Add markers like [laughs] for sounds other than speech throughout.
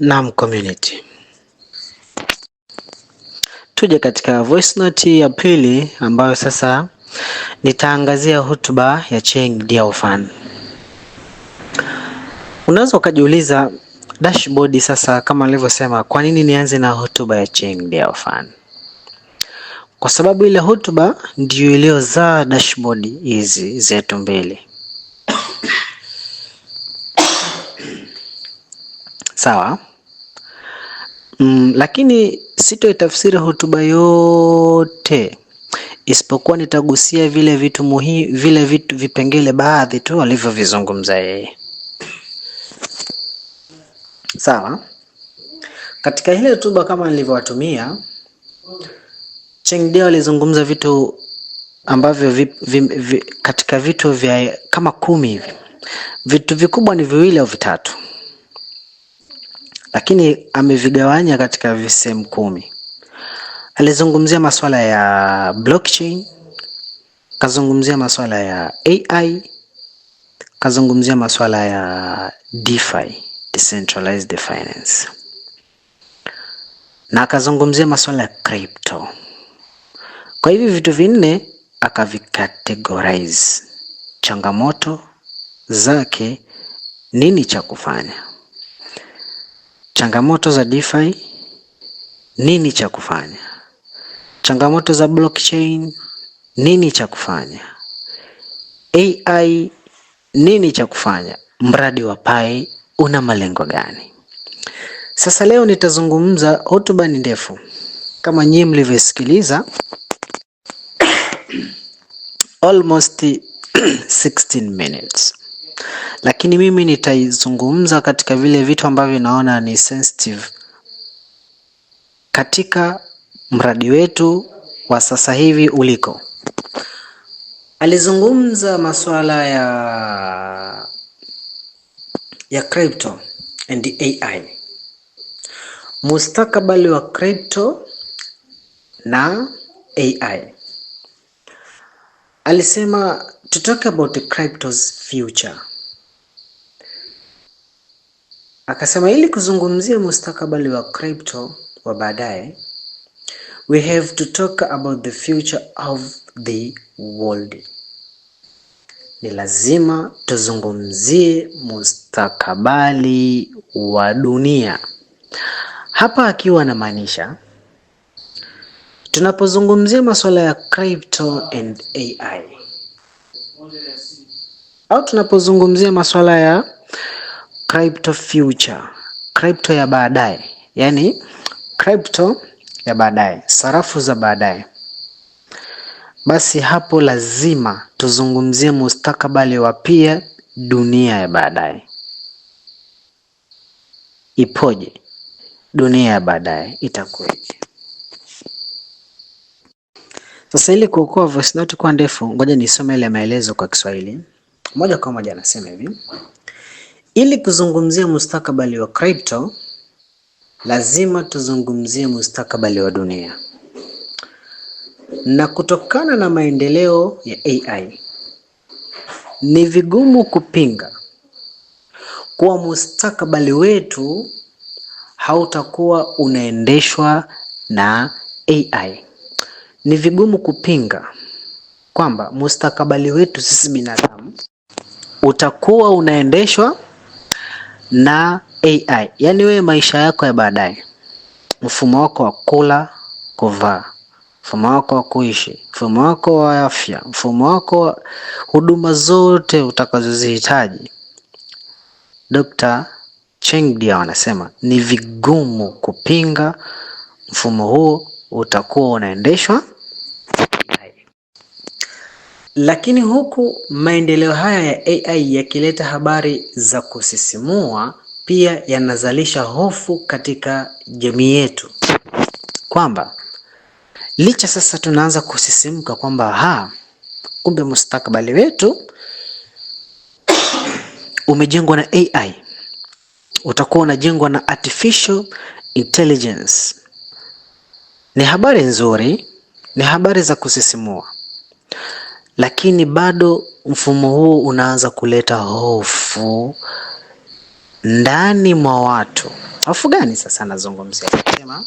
Naam community, tuje katika voice note ya pili ambayo sasa nitaangazia hotuba ya Cheng Diaofan. Unaweza ukajiuliza dashboard sasa, kama alivyosema, kwa nini nianze na hotuba ya Cheng Diaofan? Kwa sababu ile hotuba ndiyo iliyozaa dashboard hizi zetu mbili. sawa. Mm, lakini sitoitafsiri hotuba yote isipokuwa nitagusia vile vitu muhi, vile vitu vipengele baadhi tu alivyovizungumza yeye sawa. Katika ile hotuba kama nilivyowatumia, Chengde alizungumza vitu ambavyo vi, vi, vi, katika vitu vya kama kumi hivi, vitu vikubwa ni viwili au vitatu lakini amevigawanya katika visehemu kumi. Alizungumzia masuala ya blockchain, kazungumzia masuala ya AI, kazungumzia masuala ya DeFi, decentralized finance, na akazungumzia masuala ya crypto. Kwa hivi vitu vinne akavikategorize changamoto zake, nini cha kufanya. Changamoto za DeFi, nini cha kufanya? Changamoto za blockchain, nini cha kufanya? AI, nini cha kufanya? Mradi wa Pai una malengo gani? Sasa leo nitazungumza, hotuba ni ndefu kama nyie mlivyosikiliza [coughs] almost 16 [coughs] minutes lakini mimi nitaizungumza katika vile vitu ambavyo naona ni sensitive. Katika mradi wetu wa sasa hivi uliko, alizungumza masuala ya ya crypto and AI, mustakabali wa crypto na AI. Alisema to talk about the crypto's future. Akasema ili kuzungumzia mustakabali wa crypto wa baadaye, we have to talk about the future of the world. Ni lazima tuzungumzie mustakabali wa dunia. Hapa akiwa anamaanisha tunapozungumzia masuala ya crypto and AI au tunapozungumzia masuala ya crypto future, crypto ya baadaye, yani crypto ya baadaye, sarafu za baadaye, basi hapo lazima tuzungumzie mustakabali wa pia dunia ya baadaye ipoje? Dunia ya baadaye itakuwaje? Sasa ili kuokoa voice note kuwa ndefu, ngoja nisome ile maelezo kwa Kiswahili. Moja kwa moja anasema hivi. Ili kuzungumzia mustakabali wa crypto, lazima tuzungumzie mustakabali wa dunia. Na kutokana na maendeleo ya AI, ni vigumu kupinga kuwa mustakabali wetu hautakuwa unaendeshwa na AI. Ni vigumu kupinga kwamba mustakabali wetu sisi binadamu utakuwa unaendeshwa na AI, yaani wewe maisha yako ya baadaye, mfumo wako wa kula, kuvaa, mfumo wako wa kuishi, mfumo wako wa afya, mfumo wako wa huduma zote utakazozihitaji. Dr. Dia wanasema ni vigumu kupinga mfumo huo utakuwa unaendeshwa lakini huku maendeleo haya ya AI yakileta habari za kusisimua, pia yanazalisha hofu katika jamii yetu kwamba licha sasa tunaanza kusisimka kwamba ha, kumbe mustakabali wetu [coughs] umejengwa na AI, utakuwa unajengwa na artificial intelligence. Ni habari nzuri, ni habari za kusisimua lakini bado mfumo huu unaanza kuleta hofu ndani mwa watu. Hofu gani sasa nazungumzia? Nasema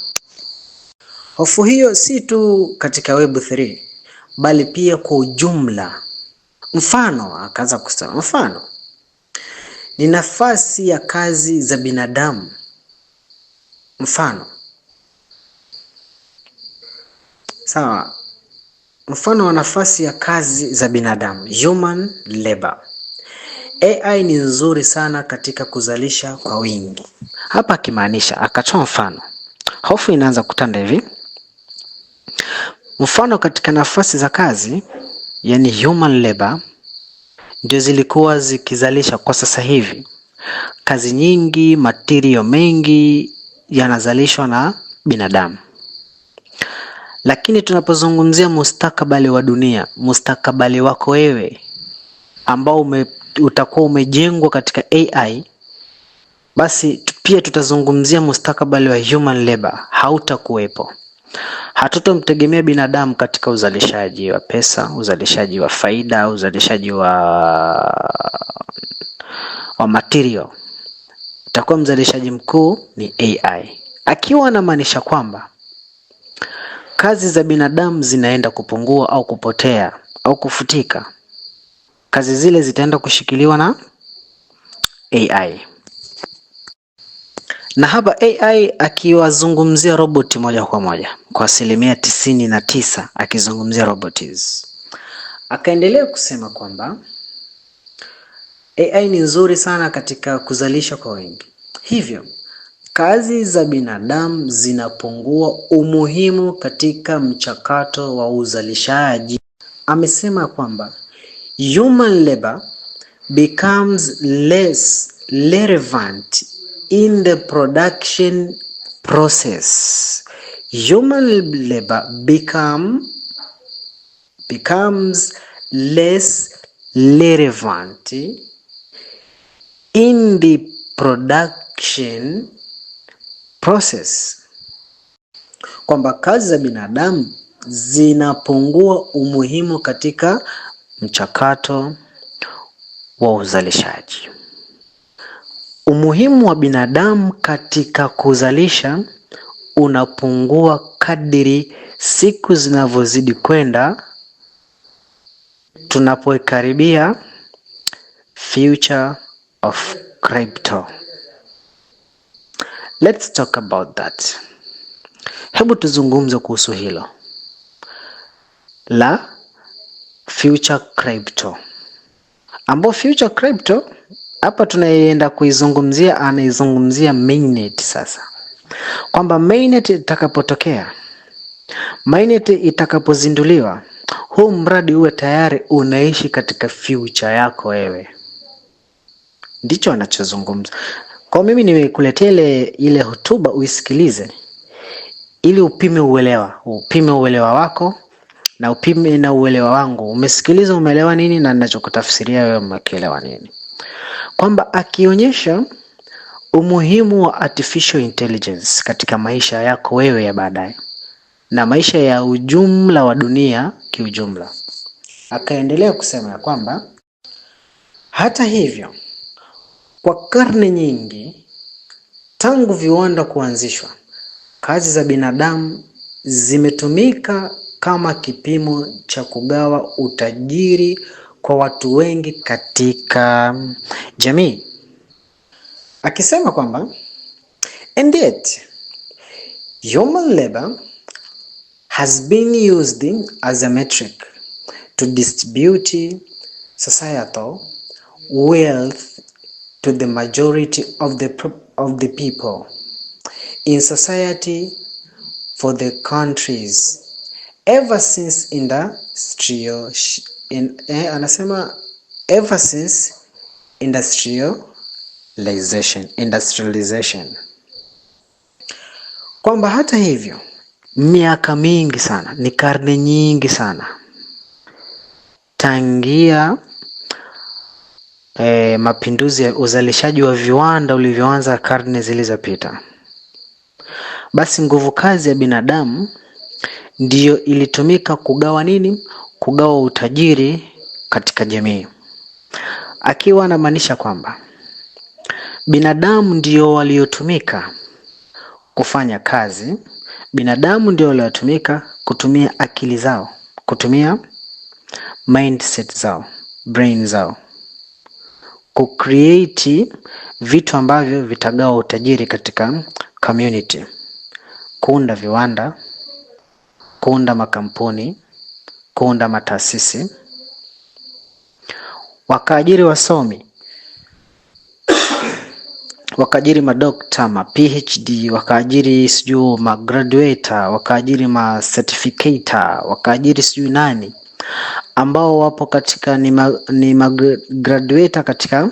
hofu hiyo si tu katika Web3 bali pia kwa ujumla. Mfano akaanza kusema, mfano ni nafasi ya kazi za binadamu. Mfano sawa Mfano wa nafasi ya kazi za binadamu human labor. AI ni nzuri sana katika kuzalisha kwa wingi. Hapa akimaanisha, akatoa mfano, hofu inaanza kutanda hivi. Mfano katika nafasi za kazi, yani human labor, ndio zilikuwa zikizalisha kwa sasa hivi kazi nyingi, matirio mengi yanazalishwa na binadamu. Lakini tunapozungumzia mustakabali wa dunia, mustakabali wako wewe ambao ume, utakuwa umejengwa katika AI, basi pia tutazungumzia mustakabali wa human labor, hautakuwepo. Hatutomtegemea binadamu katika uzalishaji wa pesa, uzalishaji wa faida, uzalishaji wa, wa material. Utakuwa mzalishaji mkuu ni AI, akiwa anamaanisha kwamba kazi za binadamu zinaenda kupungua au kupotea au kufutika. Kazi zile zitaenda kushikiliwa na AI, na hapa AI akiwazungumzia roboti moja kwa moja kwa asilimia tisini na tisa akizungumzia robots. Akaendelea kusema kwamba AI ni nzuri sana katika kuzalisha kwa wengi hivyo kazi za binadamu zinapungua umuhimu katika mchakato wa uzalishaji. Amesema kwamba human labor becomes less relevant in the production process. Human labor become, becomes less relevant in the production process kwamba kazi za binadamu zinapungua umuhimu katika mchakato wa uzalishaji. Umuhimu wa binadamu katika kuzalisha unapungua kadiri siku zinavyozidi kwenda, tunapoikaribia future of crypto. Let's talk about that. Hebu tuzungumze kuhusu hilo la future crypto, ambao future crypto hapa tunaenda kuizungumzia, anaizungumzia mainnet sasa, kwamba mainnet itakapotokea, mainnet itakapozinduliwa, huu mradi uwe tayari unaishi katika future yako wewe, ndicho anachozungumza kwa mimi nimekuletea ile ile hotuba uisikilize, ili upime uelewa, upime uelewa wako na upime na uelewa wangu. Umesikiliza, umeelewa nini na ninachokutafsiria wewe umekielewa nini? Kwamba akionyesha umuhimu wa artificial intelligence katika maisha yako wewe ya baadaye na maisha ya ujumla wa dunia kiujumla. Akaendelea kusema ya kwamba hata hivyo kwa karne nyingi tangu viwanda kuanzishwa, kazi za binadamu zimetumika kama kipimo cha kugawa utajiri kwa watu wengi katika jamii, akisema kwamba and yet human labor has been used as a metric to distribute societal wealth to the majority of the, of the people in society for the countries ever since industrial in, eh, anasema ever since industrialization, industrialization kwamba hata hivyo miaka mingi sana, ni karne nyingi sana tangia e, mapinduzi ya uzalishaji wa viwanda ulivyoanza karne zilizopita, basi nguvu kazi ya binadamu ndiyo ilitumika kugawa nini? Kugawa utajiri katika jamii, akiwa anamaanisha kwamba binadamu ndio waliotumika kufanya kazi, binadamu ndio waliotumika kutumia akili zao, kutumia mindset zao, brain zao kucreate vitu ambavyo vitagawa utajiri katika community, kuunda viwanda, kuunda makampuni, kuunda mataasisi, wakaajiri wasomi wakaajiri madokta ma PhD, wakaajiri sijui ma graduate, wakaajiri ma certificate, wakaajiri sijui nani ambao wapo katika ni ma graduate katika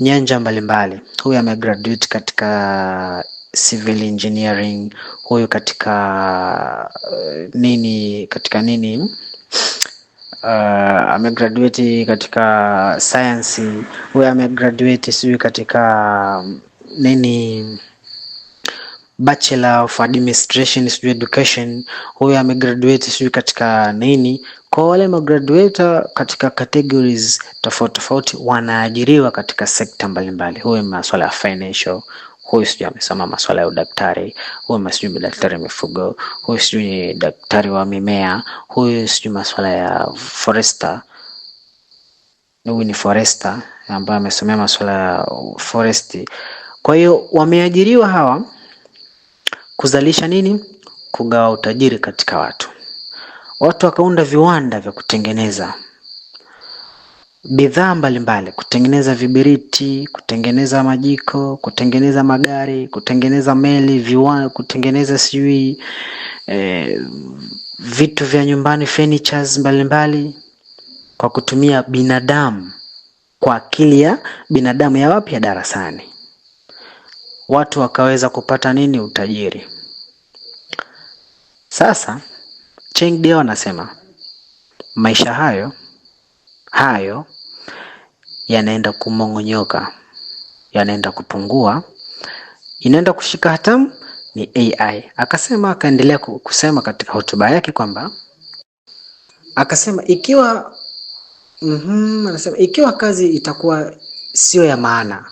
nyanja mbalimbali. Huyu amegraduate katika civil engineering, huyu katika uh, nini katika nini uh, amegraduate katika science, huyu amegraduate sijui katika mm, nini bachelor of administration sijui education, huyo amegraduate sijui katika nini. Kwa wale magraduate katika categories tofauti tofauti wanaajiriwa katika sekta mbalimbali, huyo masuala ya financial huyu sijui amesoma masuala ya udaktari, huyu sijui daktari wa mifugo, huyu sijui daktari wa mimea, huyu sijui masuala ya forester, huyu ni forester ambaye amesomea masuala ya foresti. Kwa hiyo wameajiriwa hawa Kuzalisha nini? Kugawa utajiri katika watu. Watu wakaunda viwanda vya kutengeneza bidhaa mbalimbali, kutengeneza vibiriti, kutengeneza majiko, kutengeneza magari, kutengeneza meli, viwanda, kutengeneza sijui eh, vitu vya nyumbani furnitures mbalimbali kwa kutumia binadamu, kwa akili ya binadamu ya wapi? Ya darasani watu wakaweza kupata nini? Utajiri. Sasa Cheng Dio anasema maisha hayo hayo yanaenda kumong'onyoka, yanaenda kupungua, inaenda kushika hatamu ni AI. Akasema, akaendelea kusema katika hotuba yake kwamba akasema ikiwa mm -hmm, anasema ikiwa kazi itakuwa sio ya maana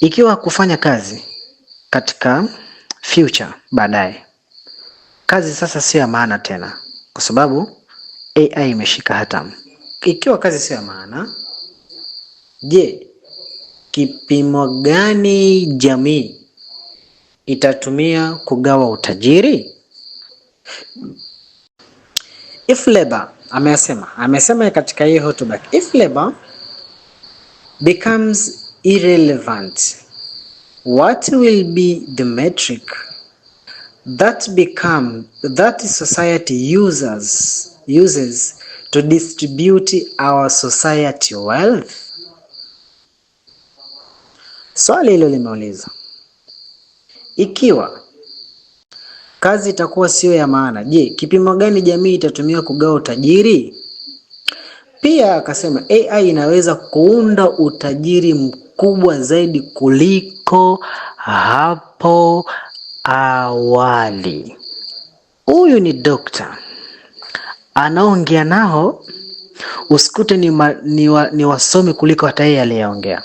ikiwa kufanya kazi katika future baadaye, kazi sasa sio ya maana tena, kwa sababu AI imeshika hatamu. Ikiwa kazi sio ya maana, je, kipimo gani jamii itatumia kugawa utajiri? If labor, amesema amesema katika hii hotuba, if labor becomes irrelevant. What will be the metric that become that society uses uses to distribute our society wealth? Swali hilo limeuliza ikiwa kazi itakuwa sio ya maana, je, kipimo gani jamii itatumia kugawa utajiri? Pia akasema AI inaweza kuunda utajiri mkubwa zaidi kuliko hapo awali. Huyu ni dokta anaongea nao, usikute ni, ma, ni, wa, ni wasomi kuliko hata yeye aliyeongea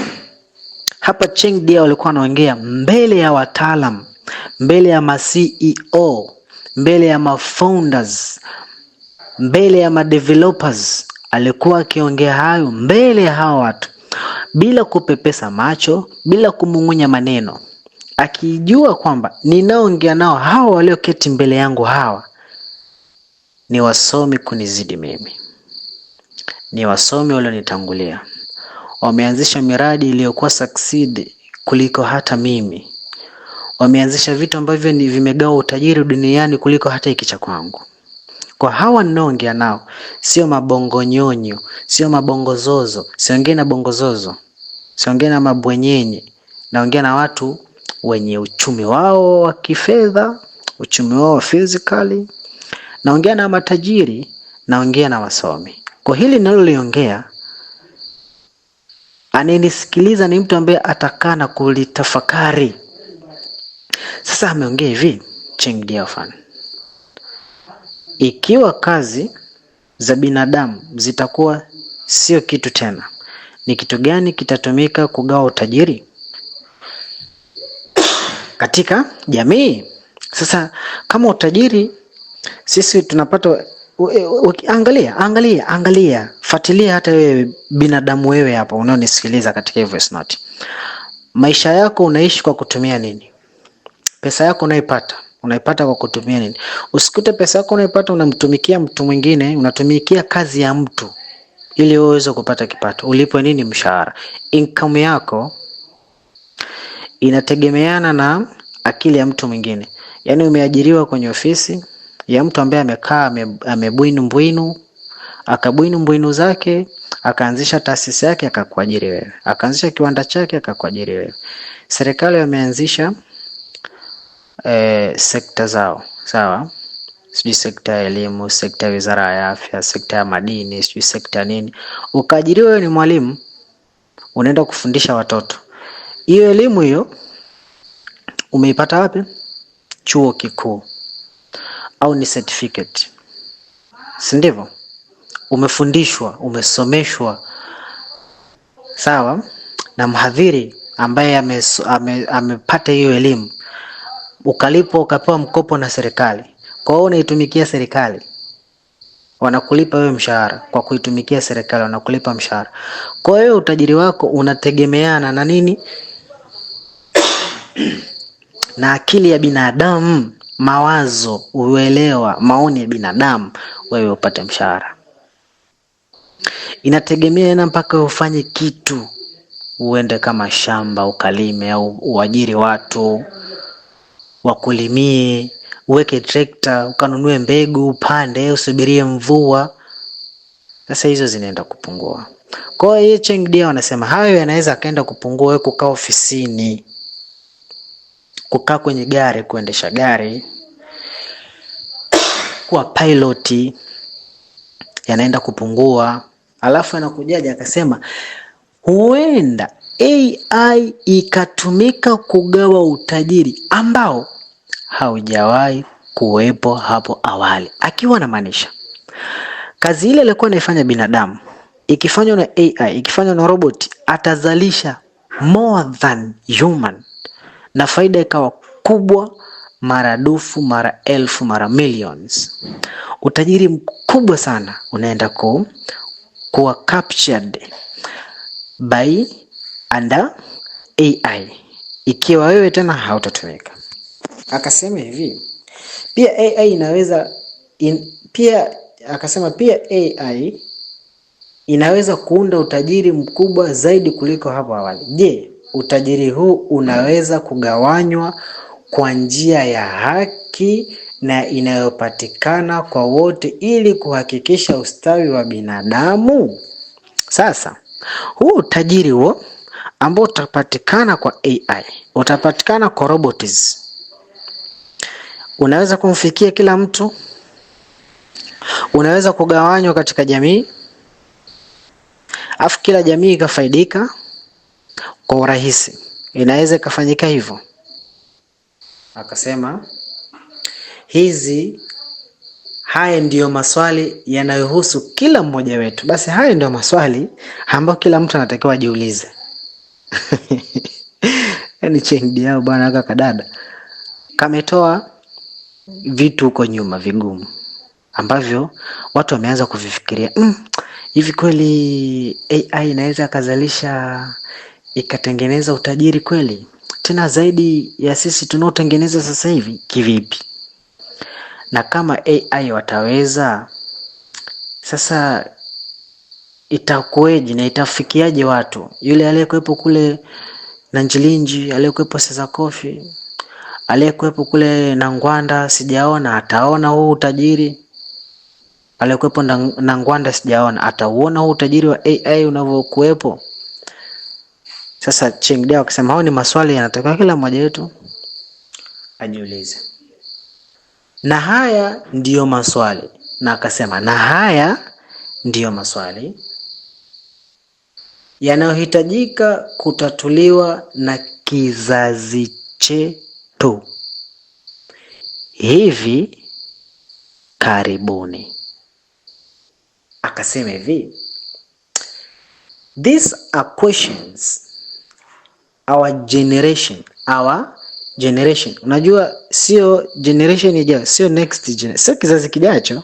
[coughs] hapa. Cheng Dia walikuwa wanaongea mbele ya wataalam, mbele ya ma CEO, mbele ya ma founders mbele ya madevelopers. Alikuwa akiongea hayo mbele ya hawa watu bila kupepesa macho, bila kumung'unya maneno, akijua kwamba ninaongea nao hawa walioketi mbele yangu hawa ni wasomi kunizidi mimi, ni wasomi walionitangulia, wameanzisha miradi iliyokuwa succeed kuliko hata mimi, wameanzisha vitu ambavyo ni vimegawa utajiri duniani kuliko hata ikicha kwangu. Kwa hawa ninaoongea nao sio mabongo nyonyo sio mabongozozo, siongee na zozo siongei na mabwenyenye. Naongea na watu wenye uchumi wao wa kifedha, uchumi wao wa physically. Naongea na matajiri, naongea na wasomi. Kwa hili ninaloliongea, anayenisikiliza ni mtu ambaye atakaa na kulitafakari. Sasa ameongea hivi Ching ikiwa kazi za binadamu zitakuwa sio kitu tena, ni kitu gani kitatumika kugawa utajiri katika jamii? Sasa kama utajiri sisi tunapata angalia, angalia, angalia, fuatilia hata wewe binadamu, wewe hapa unaonisikiliza katika voice note, maisha yako unaishi kwa kutumia nini? Pesa yako unaipata unaipata kwa kutumia nini. Usikute pesa yako unaipata unamtumikia mtu mwingine, unatumikia kazi ya mtu ili uweze kupata kipato, ulipwe nini, mshahara. Income yako inategemeana na akili ya mtu mwingine, yaani umeajiriwa kwenye ofisi ya mtu ambaye amekaa amebwinu mbwinu akabwinu mbwinu zake akaanzisha taasisi yake akakuajiri wewe, akaanzisha kiwanda chake akakuajiri wewe. Serikali wameanzisha eh, sekta zao sawa, sijui sekta ya elimu, sekta ya wizara ya afya, sekta ya madini, sijui sekta nini, ukaajiriwa wewe ni mwalimu, unaenda kufundisha watoto. Hiyo elimu hiyo umeipata wapi? Chuo kikuu au ni certificate, si ndivyo? Umefundishwa, umesomeshwa sawa na mhadhiri ambaye amepata ame, ame hiyo elimu ukalipwa ukapewa mkopo na serikali, kwa hiyo unaitumikia serikali, wanakulipa wewe mshahara kwa kuitumikia serikali, wanakulipa mshahara. Kwa hiyo utajiri wako unategemeana na nini? [coughs] na akili ya binadamu, mawazo, uelewa, maoni ya binadamu, wewe upate mshahara. Inategemea na mpaka ufanye kitu, uende kama shamba ukalime, au uajiri watu wakulimie, uweke trekta, ukanunue mbegu, upande, usubirie mvua. Sasa hizo zinaenda kupungua. Kwa hiyo Cheng Dia wanasema hayo yanaweza akaenda kupungua, wewe kukaa ofisini, kukaa kwenye gari, kuendesha gari, kuwa piloti, yanaenda kupungua. Alafu anakujaje akasema huenda AI ikatumika kugawa utajiri ambao haujawahi kuwepo hapo awali, akiwa anamaanisha kazi ile ilikuwa inaifanya binadamu ikifanywa na AI, ikifanywa na robot atazalisha more than human, na faida ikawa kubwa maradufu mara elfu mara millions. Utajiri mkubwa sana unaenda ku, kuwa captured by anda AI ikiwa wewe tena hautatumika. Akasema hivi pia AI inaweza in, pia akasema pia AI inaweza kuunda utajiri mkubwa zaidi kuliko hapo awali. Je, utajiri huu unaweza kugawanywa kwa njia ya haki na inayopatikana kwa wote ili kuhakikisha ustawi wa binadamu? Sasa huu utajiri huo ambao utapatikana kwa AI, utapatikana kwa robotics. Unaweza kumfikia kila mtu, unaweza kugawanywa katika jamii, afu kila jamii ikafaidika kwa urahisi. Inaweza ikafanyika hivyo. Akasema hizi haya ndiyo maswali yanayohusu kila mmoja wetu. Basi haya ndiyo maswali ambayo kila mtu anatakiwa ajiulize. [laughs] Yaani chendi yao bwana, aka kadada kametoa vitu huko nyuma vigumu ambavyo watu wameanza kuvifikiria mm, hivi kweli AI inaweza akazalisha ikatengeneza utajiri kweli, tena zaidi ya sisi tunaotengeneza sasa hivi kivipi? Na kama AI wataweza sasa itakueje na itafikiaje watu? Yule aliyekuwepo kule na Njilinji, aliyekuwepo sasa Kofi, aliyekuwepo kule na Ngwanda, sijaona ataona huu utajiri aliyekuwepo na Ngwanda, sijaona atauona huu utajiri wa AI unavyokuwepo sasa. Chengdea akisema hao ni maswali yanatakiwa kila mmoja wetu ajiulize, na haya ndiyo maswali, na akasema na haya ndiyo maswali yanayohitajika kutatuliwa na kizazi chetu hivi karibuni. Akasema hivi, these are questions our generation our generation. Unajua sio generation ijayo, sio next generation, sio kizazi kijacho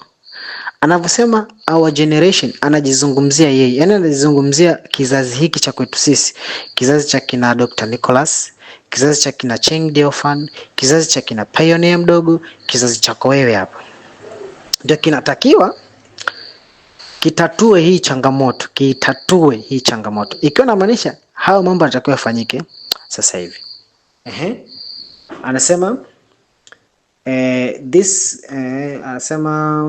anavyosema our generation anajizungumzia yeye, yani anajizungumzia kizazi hiki cha kwetu sisi, kizazi cha kina Dr. Nicholas, kizazi cha kina Cheng Diofan, kizazi cha kina Pioneer mdogo, kizazi chako wewe hapa, ndio kinatakiwa kitatue hii changamoto, kitatue hii changamoto, ikiwa namaanisha hayo mambo yanatakiwa yafanyike sasa hivi. Ehe, anasema eh, this eh, anasema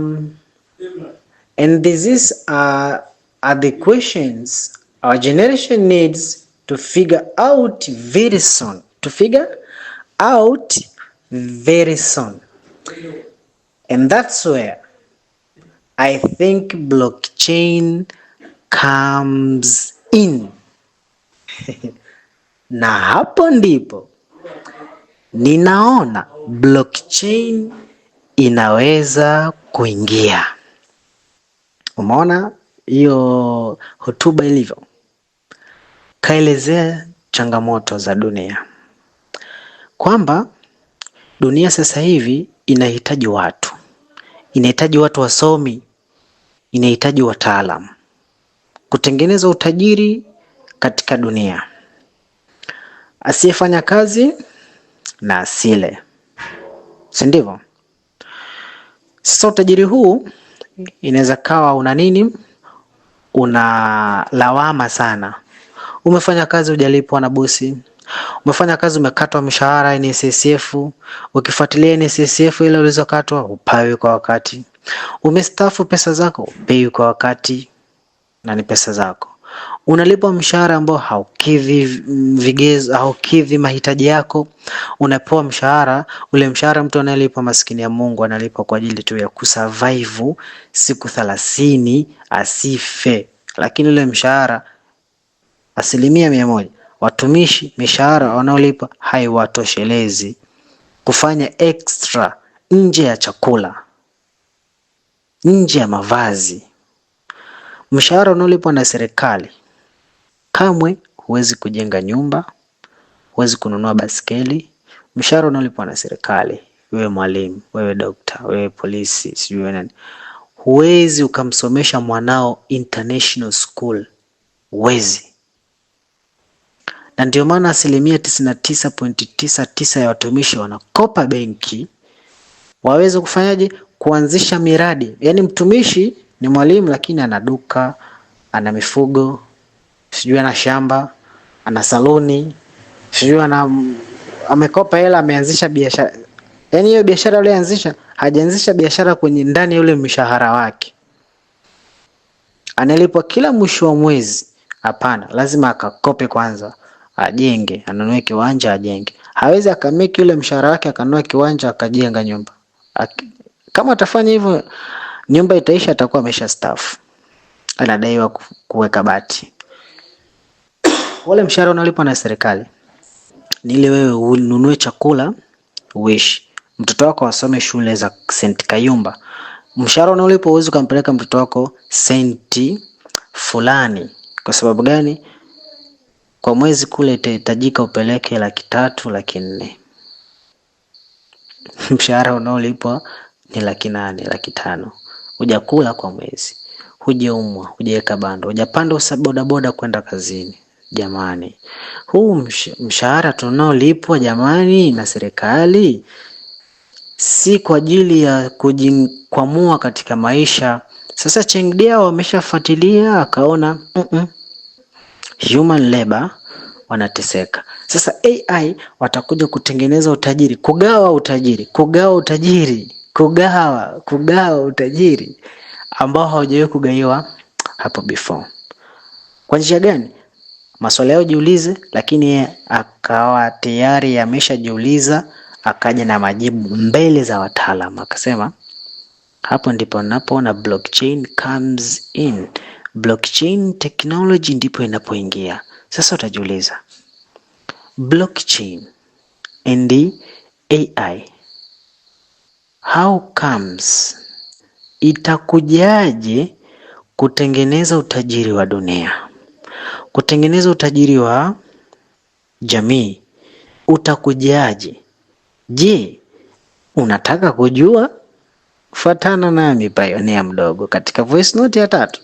And these are, uh, are the questions our generation needs to figure out very soon. To figure out very soon. And that's where I think blockchain comes in. [laughs] Na hapo ndipo ninaona blockchain inaweza kuingia. Umeona hiyo hotuba ilivyo, kaelezea changamoto za dunia kwamba dunia sasa hivi inahitaji watu, inahitaji watu wasomi, inahitaji wataalamu kutengeneza utajiri katika dunia, asiyefanya kazi na asile, si ndivyo? Sasa utajiri huu inaweza kawa una nini, una lawama sana. Umefanya kazi hujalipwa na bosi, umefanya kazi umekatwa mshahara NSSF, ukifuatilia NSSF ile ulizokatwa upawi kwa wakati, umestafu pesa zako upewi kwa wakati, na ni pesa zako unalipwa mshahara ambao haukidhi mahitaji yako, unapewa mshahara ule mshahara mtu anayelipwa maskini ya Mungu analipwa kwa ajili tu ya kusurvive siku thelathini asife, lakini ule mshahara asilimia mia moja watumishi mishahara wanaolipwa haiwatoshelezi kufanya extra nje ya chakula, nje ya mavazi. Mshahara unaolipwa na serikali kamwe huwezi kujenga nyumba, huwezi kununua baskeli Mshahara unaolipwa na serikali, wewe mwalimu, wewe dokta, wewe polisi, sijui wewe nani, huwezi ukamsomesha mwanao international school, huwezi. Na ndio maana asilimia 99.99 ya watumishi wanakopa benki waweze kufanyaje? Kuanzisha miradi, yaani mtumishi ni mwalimu lakini ana duka, ana mifugo, sijui ana shamba, ana saluni, sijui ana amekopa hela ameanzisha biashara. Yaani hiyo biashara aliyoanzisha, hajaanzisha biashara kwenye ndani ya ule mshahara wake. Analipwa kila mwisho wa mwezi. Hapana, lazima akakope kwanza, ajenge, anunue kiwanja ajenge. Hawezi akameki ule mshahara wake akanua kiwanja akajenga nyumba. Ak- Kama atafanya hivyo Nyumba itaisha atakuwa staff, Anadaiwa kuweka bati. Wale mshahara unalipwa na serikali ni ile wewe ununue chakula uishi, mtoto wako asome shule za St. Kayumba. Mshahara unaolipwa uwezi ukampeleka mtoto wako senti fulani. Kwa sababu gani? Kwa mwezi kule itahitajika upeleke laki tatu, laki nne. [laughs] Mshahara unaolipwa ni laki nane, laki tano hujakula kwa mwezi, hujaumwa, hujaweka bando, hujapanda bodaboda kwenda kazini. Jamani, huu mshahara tunaolipwa jamani na serikali si kwa ajili ya kujikwamua katika maisha. Sasa Chengdia wameshafuatilia akaona, mm -mm. Human labor wanateseka. Sasa AI watakuja kutengeneza utajiri, kugawa utajiri, kugawa utajiri kugawa kugawa utajiri ambao haujawahi kugaiwa hapo before. Kwa njia gani? Maswali yao jiulize, lakini akawa tayari ameshajiuliza akaja na majibu mbele za wataalamu, akasema hapo ndipo napoona blockchain comes in. Blockchain technology ndipo inapoingia. Sasa utajiuliza blockchain and AI How comes itakujaje kutengeneza utajiri wa dunia, kutengeneza utajiri wa jamii utakujaje? Je, unataka kujua? Fuatana nami Pioneer mdogo katika voice note ya tatu.